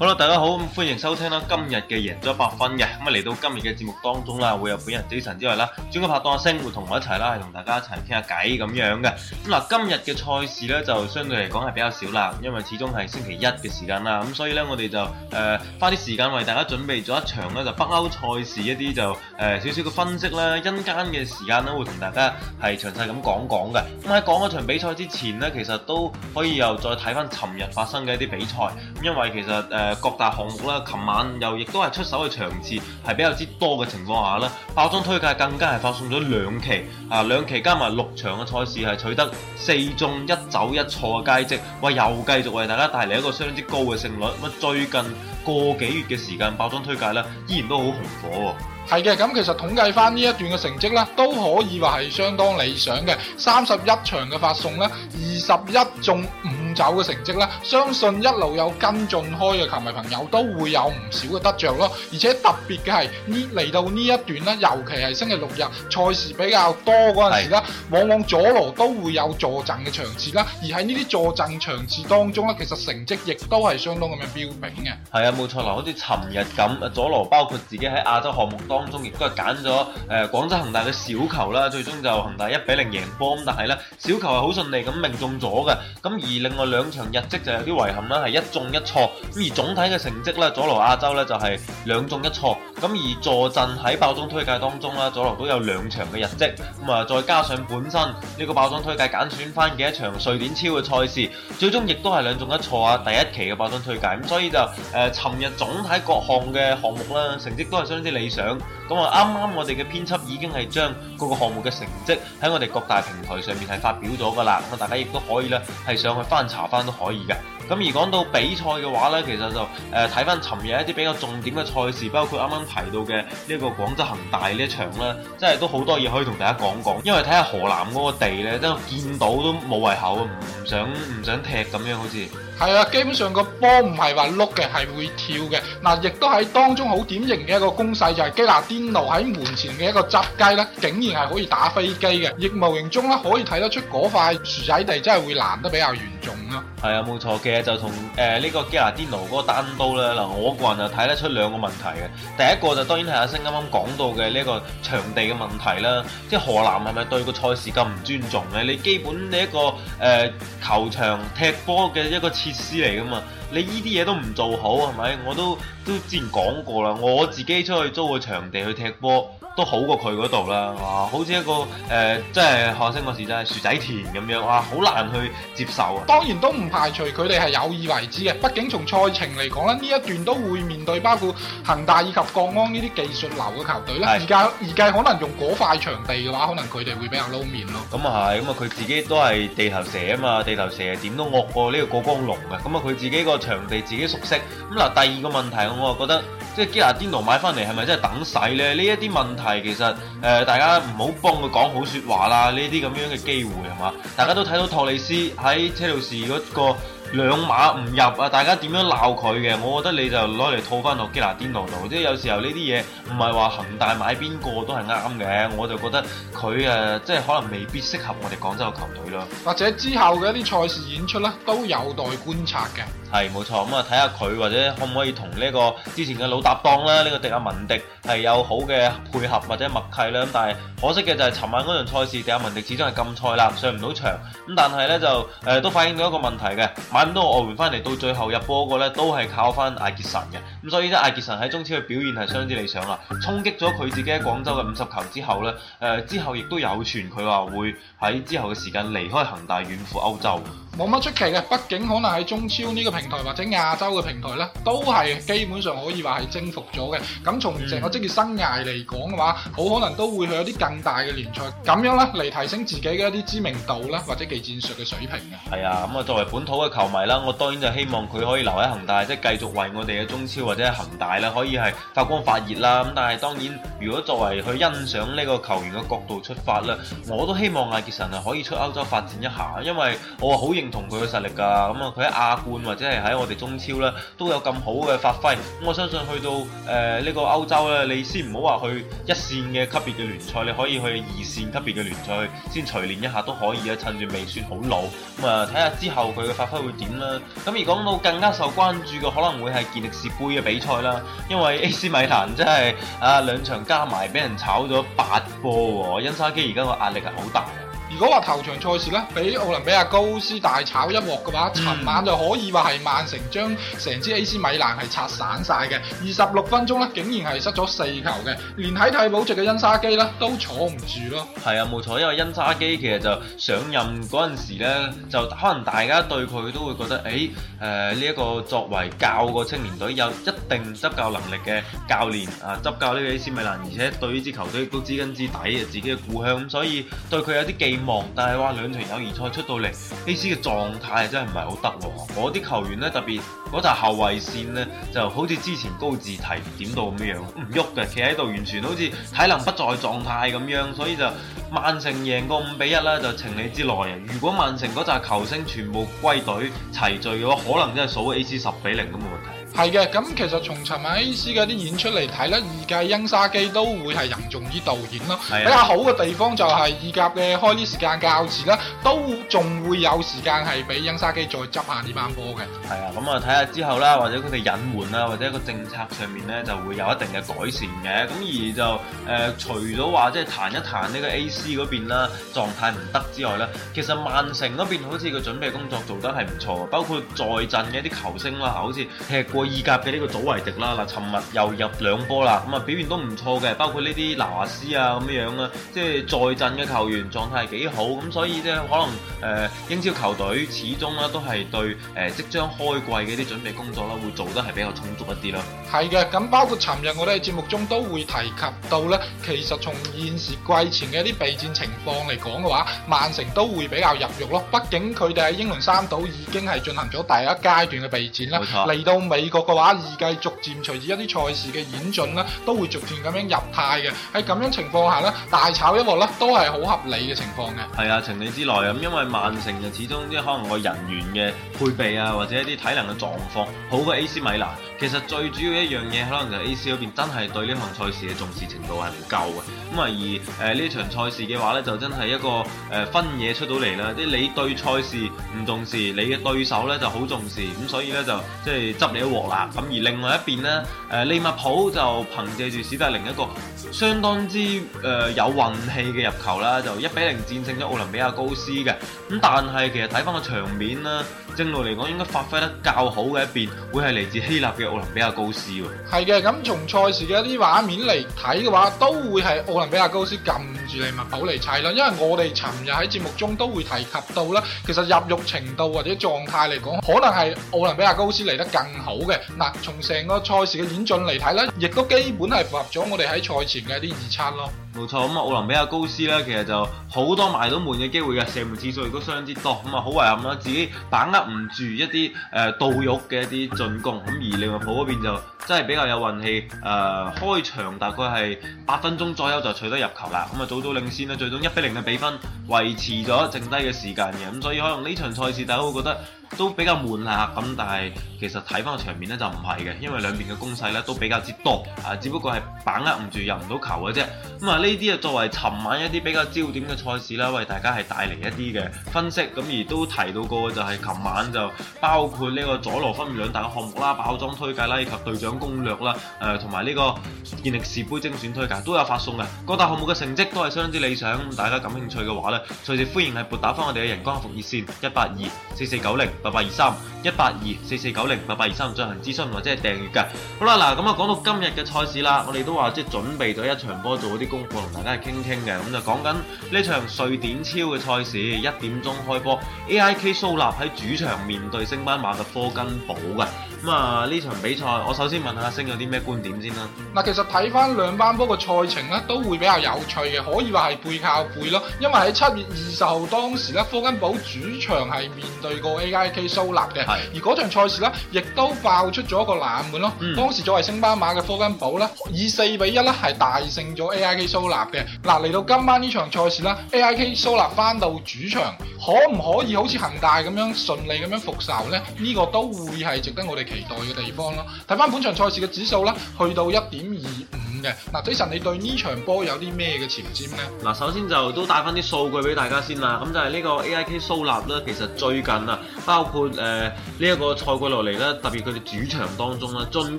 好啦，大家好，歡迎收聽啦。今日嘅贏足 100FUN 嘅，咁啊嚟到今日嘅節目當中啦，會有本人 Jason 之外啦，專家拍檔阿星會同我一齊啦，係同大家一齊傾下偈咁樣嘅。咁嗱，今日嘅賽事咧就相對嚟講係比較少啦，因為始終係星期一嘅時間啦，咁所以咧我哋就誒花啲時間為大家準備咗一場咧就北歐賽事一啲就誒少少嘅分析啦，因間嘅時間咧會同大家係詳細咁講講嘅。咁喺講一場比賽之前咧，其實都可以又再睇翻尋日發生嘅一啲比賽，因為其實誒。呃各大項目啦，琴晚又亦都係出手嘅場次係比較之多嘅情況下啦，爆莊推介更加係發送咗兩期，啊兩期加埋六場嘅賽事係取得四中一走一錯嘅佳績，喂！又繼續為大家帶嚟一個相當之高嘅勝率。咁最近個幾月嘅時間，爆莊推介咧依然都好紅火喎、哦。係嘅，咁其實統計返呢一段嘅成績咧，都可以話係相當理想嘅，三十一場嘅發送咧，二十一中五，走嘅成績啦，相信一路有跟進開嘅球迷朋友都會有唔少嘅得着咯，而且特別嘅係呢嚟到呢一段啦，尤其係星期六日賽事比較多嗰陣時啦，往往佐羅都會有助陣嘅場次啦，而喺呢啲助陣場次當中咧，其實成績亦都係相當咁樣標炳嘅。係啊，冇錯啦，好似尋日咁，佐羅包括自己喺亞洲項目當中，亦都係揀咗誒廣州恒大嘅小球啦，最終就恒大一比零贏波，但係咧小球係好順利咁命中咗嘅，咁而令。兩場日績就有啲遺憾啦，係一中一錯。咁而總體嘅成績咧，佐羅亞洲咧就係兩中一錯。咁而坐鎮喺爆莊推介當中啦，佐羅都有兩場嘅日績。咁啊，再加上本身呢個爆莊推介揀選翻幾多場瑞典超嘅賽事，最終亦都係兩中一錯啊！第一期嘅爆莊推介，咁所以就誒，尋、呃、日總體各項嘅項目啦，成績都係相當之理想。咁啊，啱啱我哋嘅編輯已經係將各個項目嘅成績喺我哋各大平台上面係發表咗㗎啦，咁大家亦都可以咧係上去翻查返都可以嘅。咁而講到比賽嘅話呢，其實就誒睇翻尋日一啲比較重點嘅賽事，包括啱啱提到嘅呢一個廣州恒大呢場呢，真係都好多嘢可以同大家講講。因為睇下河南嗰個地真係見到都冇胃口啊，唔想唔想踢咁樣好似。係啊，基本上個波唔係話碌嘅，係會跳嘅。嗱、啊，亦都喺當中好典型嘅一個攻勢就係、是、基拿天奴喺門前嘅一個執雞呢，竟然係可以打飛機嘅，亦無形中呢，可以睇得出嗰塊薯仔地真係會爛得比較嚴重咯。係啊，冇錯嘅，就同誒呢個 Galladino 嗰個單刀咧嗱，我個人就睇得出兩個問題嘅。第一個就當然係阿星啱啱講到嘅呢個場地嘅問題啦，即係河南係咪對個賽事咁唔尊重咧？你基本你一個誒、呃、球場踢波嘅一個設施嚟噶嘛，你呢啲嘢都唔做好係咪？我都都之前講過啦，我自己出去租個場地去踢波。都好過佢嗰度啦，哇！好似一個誒，即係可惜嗰時真係薯仔田咁樣，哇！好難去接受啊。當然都唔排除佢哋係有意為之嘅。畢竟從賽程嚟講咧，呢一段都會面對包括恒大以及國安呢啲技術流嘅球隊咧。而家而計可能用嗰塊場地嘅話，可能佢哋會比較撈面咯。咁啊係，咁啊佢自己都係地頭蛇啊嘛，地頭蛇點都惡過呢個過江龍嘅。咁啊佢自己個場地自己熟悉。咁嗱，第二個問題我啊覺得。即係基拿甸奴買翻嚟係咪真係等使咧？呢一啲問題其實誒、呃，大家唔好幫佢講好說話啦。呢啲咁樣嘅機會係嘛？大家都睇到托利斯喺車路士嗰個兩碼唔入啊！大家點樣鬧佢嘅？我覺得你就攞嚟套翻落基拿甸奴度。即係有時候呢啲嘢唔係話恒大買邊個都係啱嘅，我就覺得佢誒、呃，即係可能未必適合我哋廣州嘅球隊咯。或者之後嘅一啲賽事演出咧，都有待觀察嘅。係冇錯，咁啊睇下佢或者可唔可以同呢個之前嘅老搭檔啦，呢、呢個迪亞文迪係有好嘅配合或者默契啦。咁但係可惜嘅就係尋晚嗰場賽事，迪亞文迪始終係禁賽啦，上唔到場。咁但係呢，就誒、呃、都反映到一個問題嘅，買唔到外援翻嚟，到最後入波個呢，都係靠翻艾傑神嘅。咁所以呢，艾傑神喺中超嘅表現係相當之理想啦，衝擊咗佢自己喺廣州嘅五十球之後呢，誒、呃、之後亦都有傳佢話會喺之後嘅時間離開恒大遠赴歐洲。冇乜出奇嘅，畢竟可能喺中超呢個平台或者亞洲嘅平台呢，都係基本上可以話係征服咗嘅。咁從成個職業生涯嚟講嘅話，好可能都會去有啲更大嘅聯賽咁樣啦，嚟提升自己嘅一啲知名度啦，或者技戰術嘅水平嘅。係啊，咁、嗯、啊作為本土嘅球迷啦，我當然就希望佢可以留喺恒大，即係繼續為我哋嘅中超或者恒大啦，可以係發光發熱啦。咁但係當然，如果作為去欣賞呢個球員嘅角度出發咧，我都希望艾傑臣係可以出歐洲發展一下，因為我好認同佢嘅實力噶，咁啊佢喺亞冠或者係喺我哋中超咧都有咁好嘅發揮，咁我相信去到誒呢、呃這個歐洲咧，你先唔好話去一線嘅級別嘅聯賽，你可以去二線級別嘅聯賽先錘煉一下都可以啊，趁住，未算好老，咁啊睇下之後佢嘅發揮會點啦。咁而講到更加受關注嘅，可能會係健力士杯嘅比賽啦，因為 AC 米蘭真係啊兩場加埋俾人炒咗八波，因沙基而家個壓力係好大。如果話頭場賽事咧，俾奧林比亞高斯大炒一鑊嘅話，尋晚就可以話係曼城將成支 A.C. 米蘭係拆散晒嘅。二十六分鐘咧，竟然係失咗四球嘅，連喺替補席嘅恩沙基啦都坐唔住咯。係啊，冇錯，因為恩沙基其實就上任嗰陣時咧，就可能大家對佢都會覺得，誒，誒呢一個作為教個青年隊有一定執教能力嘅教練啊，執教呢個 A.C. 米蘭，而且對呢支球隊都知根知底啊，自己嘅故鄉，所以對佢有啲寄望。但係話兩場友誼賽出到嚟，A.C. 嘅狀態真係唔係好得。嗰啲球員呢，特別嗰紮後衛線呢，就好似之前高志提點到咁樣，唔喐嘅，企喺度完全好似體能不在狀態咁樣，所以就曼城贏個五比一啦，就情理之內啊。如果曼城嗰紮球星全部歸隊齊聚嘅話，可能真係數 A.C. 十比零都冇問題。係嘅，咁其實從尋晚 A C 嗰啲演出嚟睇咧，二屆恩沙基都會係任重於導演咯。比較好嘅地方就係意甲嘅開啲時間較遲啦，都仲會有時間係俾恩沙基再執下呢班波嘅。係啊，咁啊睇下之後啦，或者佢哋隱瞞啦，或者個政策上面咧就會有一定嘅改善嘅。咁而就誒、呃，除咗話即係彈一彈呢個 A C 嗰邊啦，狀態唔得之外咧，其實曼城嗰邊好似個準備工作做得係唔錯，包括在陣嘅一啲球星啦，好似踢意甲嘅呢個祖維迪啦，嗱，尋日又入兩波啦，咁啊表現都唔錯嘅，包括呢啲拿華斯啊咁樣啊，即係在陣嘅球員狀態係幾好，咁所以即可能誒、呃、英超球隊始終咧都係對誒、呃、即將開季嘅啲準備工作啦，會做得係比較充足一啲啦。係嘅，咁包括尋日我哋節目中都會提及到咧，其實從現時季前嘅啲備戰情況嚟講嘅話，曼城都會比較入肉咯，畢竟佢哋喺英倫三島已經係進行咗第一階段嘅備戰啦，嚟到美。個嘅話，預計逐漸隨住一啲賽事嘅演進咧，都會逐漸咁樣入態嘅。喺咁樣情況下咧，大炒一鑊咧，都係好合理嘅情況嘅。係啊，情理之內啊咁，因為曼城就始終即可能個人員嘅配備啊，或者一啲體能嘅狀況好過 A.C. 米蘭。其實最主要一樣嘢，可能就是 A.C. 嗰邊真係對呢項賽事嘅重視程度係唔夠嘅。咁啊，而誒呢、呃、場賽事嘅話咧，就真係一個誒、呃、分野出到嚟啦。即係你對賽事唔重視，你嘅對手咧就好重視，咁所以咧就即係執你一鑊。咁而另外一邊呢，誒利物浦就憑借住史特靈一個相當之誒、呃、有運氣嘅入球啦，就一比零戰勝咗奧林比亞高斯嘅。咁但係其實睇翻個場面啦，正路嚟講應該發揮得較好嘅一邊，會係嚟自希臘嘅奧林比亞高斯喎。係嘅，咁從賽事嘅一啲畫面嚟睇嘅話，都會係奧林比亞高斯撳住利物浦嚟砌啦。因為我哋尋日喺節目中都會提及到啦，其實入肉程度或者狀態嚟講，可能係奧林比亞高斯嚟得更好的。嗱，從成個賽事嘅演進嚟睇咧，亦都基本係符合咗我哋喺賽前嘅啲預測咯。冇錯，咁啊，奧林比亞高斯咧，其實就好多埋到門嘅機會嘅，射門次數亦都相之多，咁啊好遺憾啦，自己把握唔住一啲誒道玉嘅一啲進攻，咁而利物浦嗰邊就真係比較有運氣，誒、呃、開場大概係八分鐘左右就取得入球啦，咁啊早早領先啦，最終一比零嘅比分維持咗剩低嘅時間嘅，咁所以可能呢場賽事大家會覺得都比較悶啦咁，但係其實睇翻個場面咧就唔係嘅，因為兩邊嘅攻勢咧都比較之多，啊只不過係把握唔住入唔到球嘅啫，咁啊。呢啲啊，作為琴晚一啲比較焦點嘅賽事啦，為大家係帶嚟一啲嘅分析，咁而都提到過就係琴晚就包括呢個佐羅方面兩大嘅項目啦，爆莊推介啦，以及隊長攻略啦，誒同埋呢個健力士杯精選推介都有發送嘅，各大項目嘅成績都係相當之理想，大家感興趣嘅話咧，隨時歡迎係撥打翻我哋嘅人工客服熱線一八二四四九零八八二三。一八二四四九零八八二三進行諮詢或者係訂閱嘅，好啦嗱，咁啊講到今日嘅賽事啦，我哋都話即係準備咗一場波做嗰啲功課同大家傾傾嘅，咁就講緊呢場瑞典超嘅賽事，一點鐘開波，A I K 蘇納喺主場面對升班馬嘅科根堡嘅，咁啊呢場比賽我首先問一下星有啲咩觀點先啦。嗱，其實睇翻兩班波嘅賽程咧，都會比較有趣嘅，可以話係背靠背咯，因為喺七月二十號當時咧，科根堡主場係面對過 A I K 蘇納嘅。而嗰場賽事咧，亦都爆出咗一個冷門咯、嗯。當時作為星巴馬嘅科根堡咧，以四比一咧，係大勝咗 A I K 蘇納嘅。嗱、啊，嚟到今晚呢場賽事啦，A I K 蘇納翻到主場，可唔可以好似恒大咁樣順利咁樣復仇呢？呢、這個都會係值得我哋期待嘅地方咯。睇翻本場賽事嘅指數啦，去到一點二五。嗱，Jason，你對呢場波有啲咩嘅前瞻呢？嗱，首先就都帶翻啲數據俾大家先啦。咁就係呢個 AIK 蘇納咧，其實最近啊，包括誒呢一個賽季落嚟咧，特別佢哋主場當中啦，進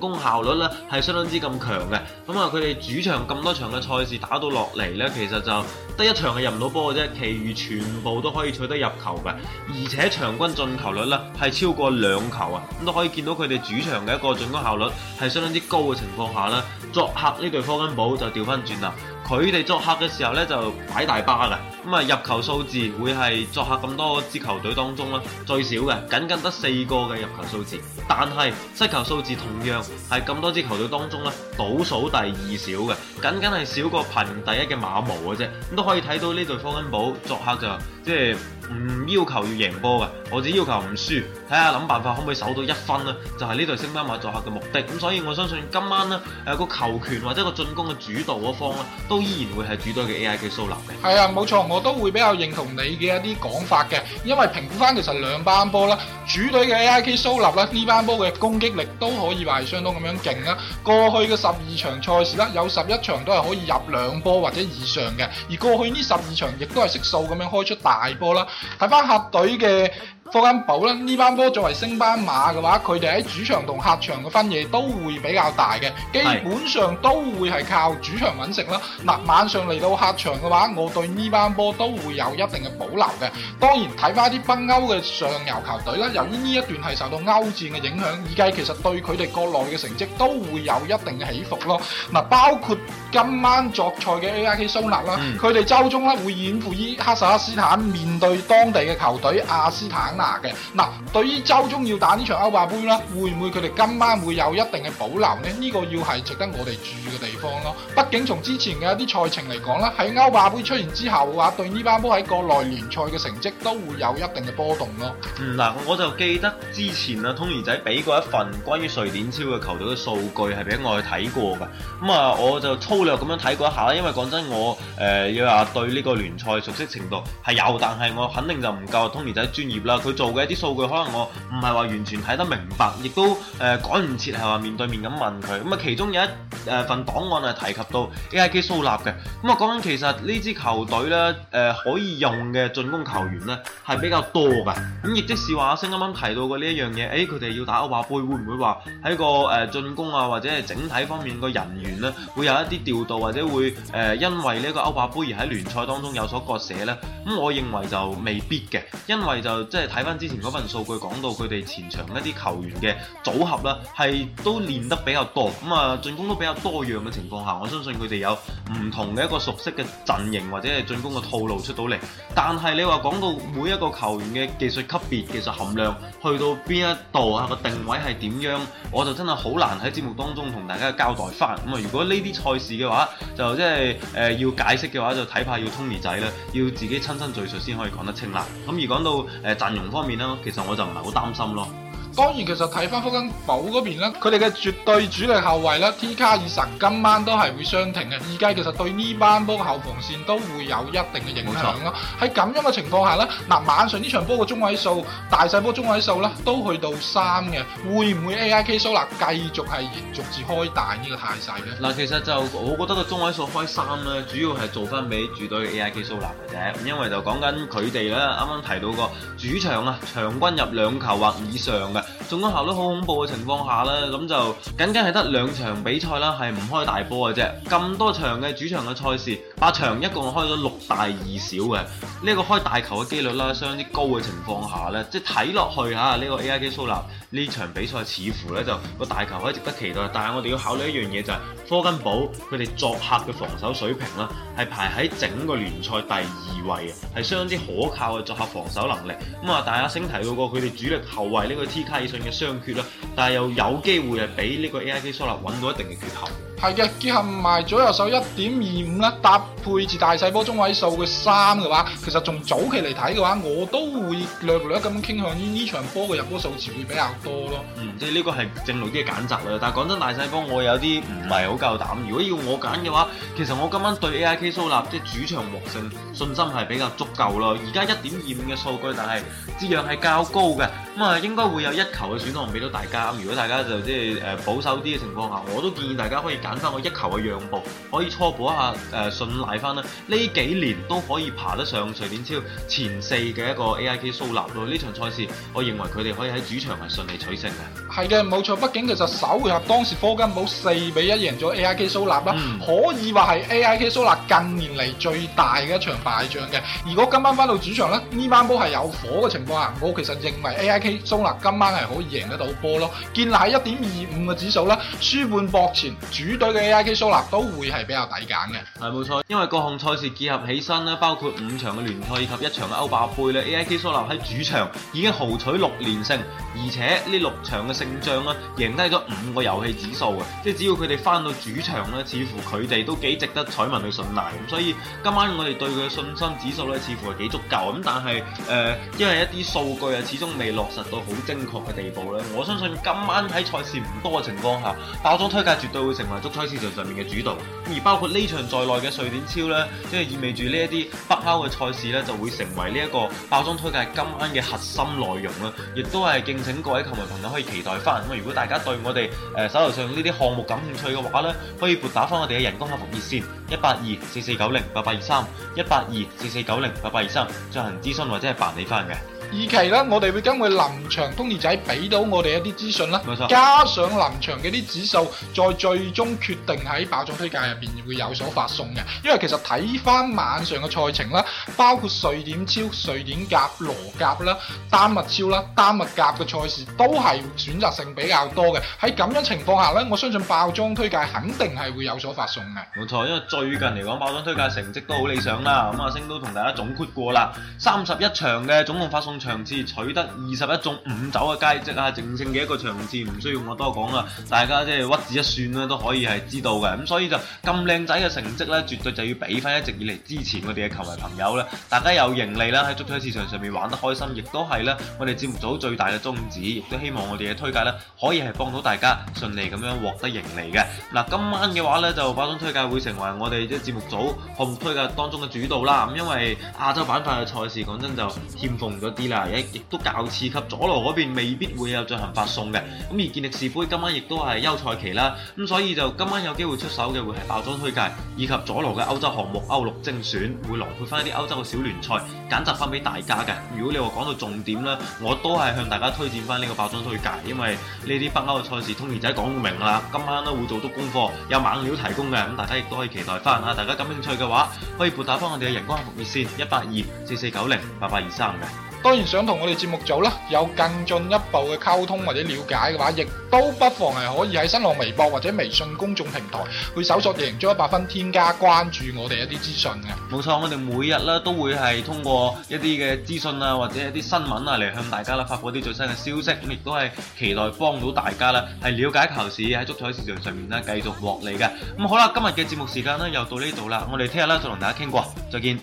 攻效率咧係相當之咁強嘅。咁啊，佢哋主場咁多場嘅賽事打到落嚟咧，其實就得一場係入唔到波嘅啫，其餘全部都可以取得入球嘅。而且場均進球率咧係超過兩球啊，咁都可以見到佢哋主場嘅一個進攻效率係相當之高嘅情況下咧，作客呢、這個？對方恩堡就調翻轉啦，佢哋作客嘅時候呢，就擺大巴嘅，咁啊入球數字會係作客咁多支球隊當中最少嘅，僅僅得四個嘅入球數字，但係失球數字同樣係咁多支球隊當中咧倒數第二少嘅，僅僅係少過排名第一嘅馬毛嘅啫，咁都可以睇到呢對方恩堡作客就即係。唔要求要贏波嘅，我只要求唔輸，睇下諗辦法可唔可以守到一分啦，就係呢隊星班馬作客嘅目的。咁所以我相信今晚呢誒個球權或者個進攻嘅主導嗰方呢，都依然會係主隊嘅 A I K 蘇立嘅。係啊，冇錯，我都會比較認同你嘅一啲講法嘅。因為評估翻其實兩班波啦，主隊嘅 A I K 蘇立啦，呢班波嘅攻擊力都可以話係相當咁樣勁啦。過去嘅十二場賽事啦，有十一場都係可以入兩波或者以上嘅，而過去呢十二場亦都係食數咁樣開出大波啦。睇翻客隊嘅。科恩堡呢班波作為升班馬嘅話，佢哋喺主場同客場嘅分野都會比較大嘅，基本上都會係靠主場搵食啦。嗱、呃，晚上嚟到客場嘅話，我對呢班波都會有一定嘅保留嘅。當然睇翻啲北歐嘅上游球隊啦，由於呢一段係受到歐戰嘅影響，以致其實對佢哋國內嘅成績都會有一定嘅起伏咯。嗱、呃，包括今晚作賽嘅 AIK 蘇納啦，佢、嗯、哋周中咧會遠赴哈薩克斯坦面對當地嘅球隊亞斯坦。嘅嗱，對於周中要打呢場歐霸盃啦，會唔會佢哋今晚會有一定嘅保留咧？呢、呢個要係值得我哋注意嘅地。咯，畢竟從之前嘅一啲賽程嚟講咧，喺歐霸杯出現之後嘅話，對呢班波喺國內聯賽嘅成績都會有一定嘅波動咯。嗯，嗱，我就記得之前啊，通兒仔俾過一份關於瑞典超嘅球隊嘅數據係俾我去睇過嘅。咁啊，我就粗略咁樣睇過一下啦。因為講真，我誒要話對呢個聯賽熟悉程度係有，但係我肯定就唔夠通兒仔專業啦。佢做嘅一啲數據可能我唔係話完全睇得明白，亦都誒、呃、趕唔切係話面對面咁問佢。咁啊，其中有一誒份檔。提及到 A.I.K 蘇納嘅，咁啊，講緊其實呢支球隊咧，誒可以用嘅進攻球員咧係比較多噶咁亦即是話，阿星啱啱提到嘅呢一樣嘢，誒佢哋要打歐霸盃，會唔會話喺個誒進攻啊或者係整體方面嘅人員咧會有一啲調度，或者會誒因為呢個歐霸盃而喺聯賽當中有所割捨咧？咁我認為就未必嘅，因為就即係睇翻之前嗰份數據講到佢哋前場一啲球員嘅組合啦，係都練得比較多，咁啊進攻都比較多樣嘅情。情況下，我相信佢哋有唔同嘅一個熟悉嘅陣型或者係進攻嘅套路出到嚟。但係你話講到每一個球員嘅技術級別、技術含量去到邊一度啊，個定位係點樣，我就真係好難喺節目當中同大家交代翻。咁啊，如果呢啲賽事嘅話，就即係誒要解釋嘅話，就睇怕要聰兒仔啦，要自己親身敍述先可以講得清啦。咁而講到誒陣容方面啦，其實我就唔係好擔心咯。當然其實睇翻福根堡嗰邊咧，佢哋嘅絕對主力後衞咧，T 卡爾臣今晚都係會傷停嘅。而家其實對呢班波後防線都會有一定嘅影響咯。喺咁樣嘅情況下咧，嗱晚上呢場波嘅中位數、大細波中位數咧都去到三嘅，會唔會 A I K 蘇納繼續係延續開大個呢個態勢咧？嗱，其實就我覺得個中位數開三咧，主要係做翻俾主隊 A I K 蘇納嘅啫，因為就講緊佢哋咧，啱啱提到個主場啊，場均入兩球或以上嘅。中攻效率好恐怖嘅情況下呢，咁就僅僅係得兩場比賽啦，係唔開大波嘅啫。咁多場嘅主場嘅賽事，八場一共開咗六大二小嘅，呢、呢個開大球嘅機率啦，相當之高嘅情況下呢，即係睇落去吓呢、呢個 A.I.G. 蘇納呢場比賽，似乎呢就個大球可以值得期待。但係我哋要考慮一樣嘢就係、是、科根堡佢哋作客嘅防守水平啦，係排喺整個聯賽第二位嘅，係相當之可靠嘅作客防守能力。咁啊，大係阿星提到過佢哋主力後衞呢個 T 泰信嘅商缺啦，但係又有機會係俾呢個 AIK 蘇立揾到一定嘅缺口。係嘅，結合埋左右手一點二五啊，搭配住大細波中位數嘅三嘅話，其實從早期嚟睇嘅話，我都會略略咁傾向於呢場波嘅入波數字會比較多咯。嗯，即係呢個係正路啲嘅揀擇啦。但係講真，大細波我有啲唔係好夠膽。如果要我揀嘅話，其實我今晚對 A I K 蘇納即係主場獲勝信心係比較足夠啦。而家一點二五嘅數據，但係質量係較高嘅，咁啊應該會有一球嘅選項俾到大家。如果大家就即係誒保守啲嘅情況下，我都建議大家可以揀。揾翻我一球嘅讓步，可以初步一下誒信、呃、賴翻啦。呢幾年都可以爬得上瑞典超前四嘅一個 A I K 蘇納喎。呢場賽事，我認為佢哋可以喺主場係順利取勝嘅。係嘅，冇錯。畢竟其實首回合當時科根堡四比一贏咗 A I K 蘇納啦、嗯，可以話係 A I K 蘇納近年嚟最大嘅一場敗仗嘅。如果今晚翻到主場啦，呢班波係有火嘅情況下，我其實認為 A I K 蘇納今晚係可以贏得到波咯。建立喺一點二五嘅指數啦，輸半博前主。對嘅 A I K 蘇納都會係比較抵揀嘅，係冇錯，因為各項賽事結合起身咧，包括五場嘅聯賽以及一場嘅歐霸杯咧。A I K 蘇納喺主場已經豪取六連勝，而且呢六場嘅勝仗咧，贏低咗五個遊戲指數嘅，即係只要佢哋翻到主場咧，似乎佢哋都幾值得彩民去信賴。咁所以今晚我哋對佢嘅信心指數咧，似乎係幾足夠。咁但係誒、呃，因為一啲數據啊，始終未落實到好精確嘅地步咧，我相信今晚喺賽事唔多嘅情況下，爆莊推介絕對會成為。足彩市場上面嘅主導，而包括呢場在內嘅瑞典超呢，即係意味住呢一啲北歐嘅賽事呢，就會成為呢一個爆莊推介今晚嘅核心內容啦。亦都係敬請各位球迷朋友可以期待翻。咁如果大家對我哋誒手頭上呢啲項目感興趣嘅話呢，可以撥打翻我哋嘅人工客服熱線一八二四四九零八八二三一八二四四九零八八二三進行諮詢或者係辦理翻嘅。二期咧，我哋會跟佢臨場通二仔俾到我哋一啲資訊啦，加上臨場嘅啲指數，再最終決定喺爆莊推介入面會有所發送嘅。因為其實睇翻晚上嘅賽程啦，包括瑞典超、瑞典甲、羅甲啦、丹麥超啦、丹麥甲嘅賽事都係選擇性比較多嘅。喺咁樣情況下咧，我相信爆莊推介肯定係會有所發送嘅。冇錯，因為最近嚟講爆莊推介成績都好理想啦。咁阿星都同大家總括過啦，三十一場嘅總共發送。場次取得二十一中五走嘅佳績啊，淨勝嘅一個場次唔需要我多講啦，大家即係屈指一算啦，都可以係知道嘅。咁所以就咁靚仔嘅成績咧，絕對就要俾翻一直以嚟支持我哋嘅球迷朋友啦。大家有盈利啦，喺足球市場上面玩得開心，亦都係咧我哋節目組最大嘅宗旨，亦都希望我哋嘅推介咧可以係幫到大家順利咁樣獲得盈利嘅。嗱，今晚嘅話咧就馬上推介會成為我哋即係節目組項目推介當中嘅主導啦。咁因為亞洲板塊嘅賽事講真就欠奉咗啲。亦都較次級，佐羅嗰邊未必會有進行發送嘅。咁而健力士杯今晚亦都係休賽期啦，咁所以就今晚有機會出手嘅會係爆莊推介，以及佐羅嘅歐洲項目歐陸精選會囊括翻一啲歐洲嘅小聯賽，揀集翻俾大家嘅。如果你話講到重點咧，我都係向大家推薦翻呢個爆莊推介，因為呢啲北歐嘅賽事，通年仔講唔明啦。今晚都會做足功課，有猛料提供嘅，咁大家亦都可以期待翻啊！大家感興趣嘅話，可以撥打翻我哋嘅人工服務熱線一八二四四九零八八二三嘅。當然想同我哋節目組咧有更進一步嘅溝通或者了解嘅話，亦都不妨係可以喺新浪微博或者微信公眾平台去搜索贏足一百分，添加關注我哋一啲資訊嘅。冇錯，我哋每日咧都會係通過一啲嘅資訊啊，或者一啲新聞啊嚟向大家啦發佈一啲最新嘅消息，咁亦都係期待幫到大家啦，係了解球市喺足彩市場上面咧繼續獲利嘅。咁好啦，今日嘅節目時間呢又到呢度啦，我哋聽日咧再同大家傾過，再見。